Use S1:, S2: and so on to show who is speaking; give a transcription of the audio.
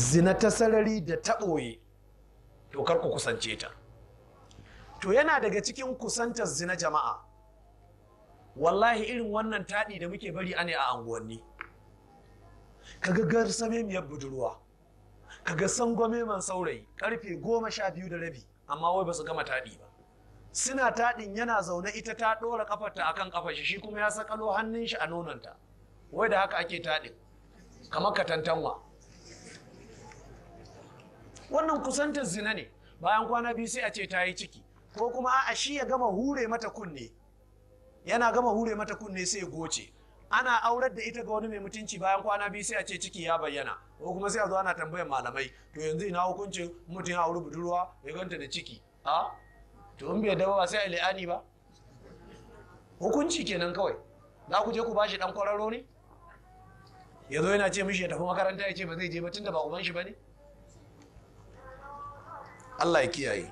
S1: zina ta sarari da taɓoye. ɓoye to ku kusance ta to yana daga cikin kusantar zina jama'a wallahi irin wannan taɗi da muke bari ane a anguwanni kaga garsame miyar budurwa ga san man saurayi karfe goma sha biyu da rabi amma wai ba su gama taɗi ba suna taɗin yana zaune ita ta ɗora ƙafarta akan kafar shi kuma ya sakalo hannun shi a nononta wai da haka ake taɗin kamar katantanwa wannan kusantar zina ne bayan kwana biyu sai a ce ta yi ciki ko kuma a shi ya gama hure mata kunne yana gama hure mata kunne sai goce ana aurar da ita ga wani mai mutunci bayan kwana biyu sai a ce ciki ya bayyana ko kuma sai a zo ana tambayar malamai to yanzu ina hukuncin mutum ya auri budurwa ya ganta da ciki a to in bai dawo sai a li'ani ba hukunci kenan kawai za ku je ku bashi dan kwararo ne ya zo yana ce mishi ya tafi makaranta ya ce ba zai je ba tunda ba uban shi ba ne अल्लाह की आई